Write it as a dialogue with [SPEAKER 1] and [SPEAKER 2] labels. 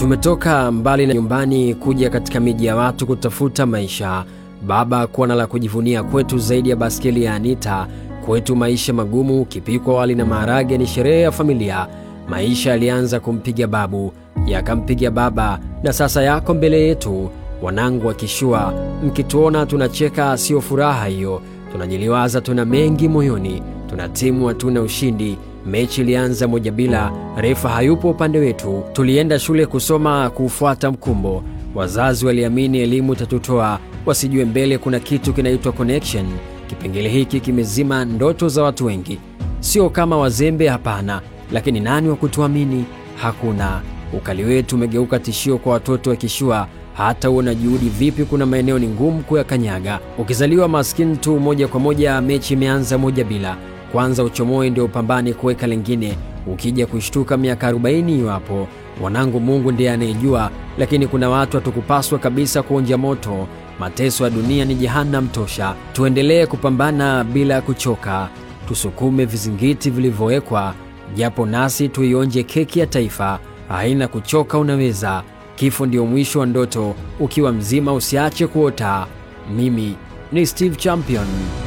[SPEAKER 1] Tumetoka mbali na nyumbani kuja katika miji ya watu kutafuta maisha. Baba kuwa na la kujivunia kwetu zaidi ya baskeli ya Anita. Kwetu maisha magumu, kipikwa wali na maharage ni sherehe ya familia. Maisha yalianza kumpiga babu, yakampiga baba, na sasa yako mbele yetu. Wanangu wakishua mkituona tunacheka, sio furaha hiyo. Tunajiliwaza, tuna mengi moyoni, tuna timu, hatuna ushindi Mechi ilianza moja bila, refa hayupo upande wetu, tulienda shule kusoma kuufuata mkumbo. Wazazi waliamini elimu itatutoa, wasijue mbele kuna kitu kinaitwa connection. Kipengele hiki kimezima ndoto za watu wengi, sio kama wazembe, hapana, lakini nani wa kutuamini? Hakuna. Ukali wetu umegeuka tishio kwa watoto wa kishua. Hata huo na juhudi vipi, kuna maeneo ni ngumu kuyakanyaga. Ukizaliwa maskini tu moja kwa moja. Mechi imeanza moja bila kwanza uchomoe ndio upambane kuweka lingine, ukija kushtuka miaka 40 iwapo. Wanangu, Mungu ndiye anayejua, lakini kuna watu hatukupaswa kabisa kuonja moto. Mateso ya dunia ni jehanamu tosha. Tuendelee kupambana bila kuchoka, tusukume vizingiti vilivyowekwa, japo nasi tuionje keki ya taifa. Haina kuchoka, unaweza. Kifo ndio mwisho wa ndoto. Ukiwa mzima usiache kuota. Mimi ni Steve Champion.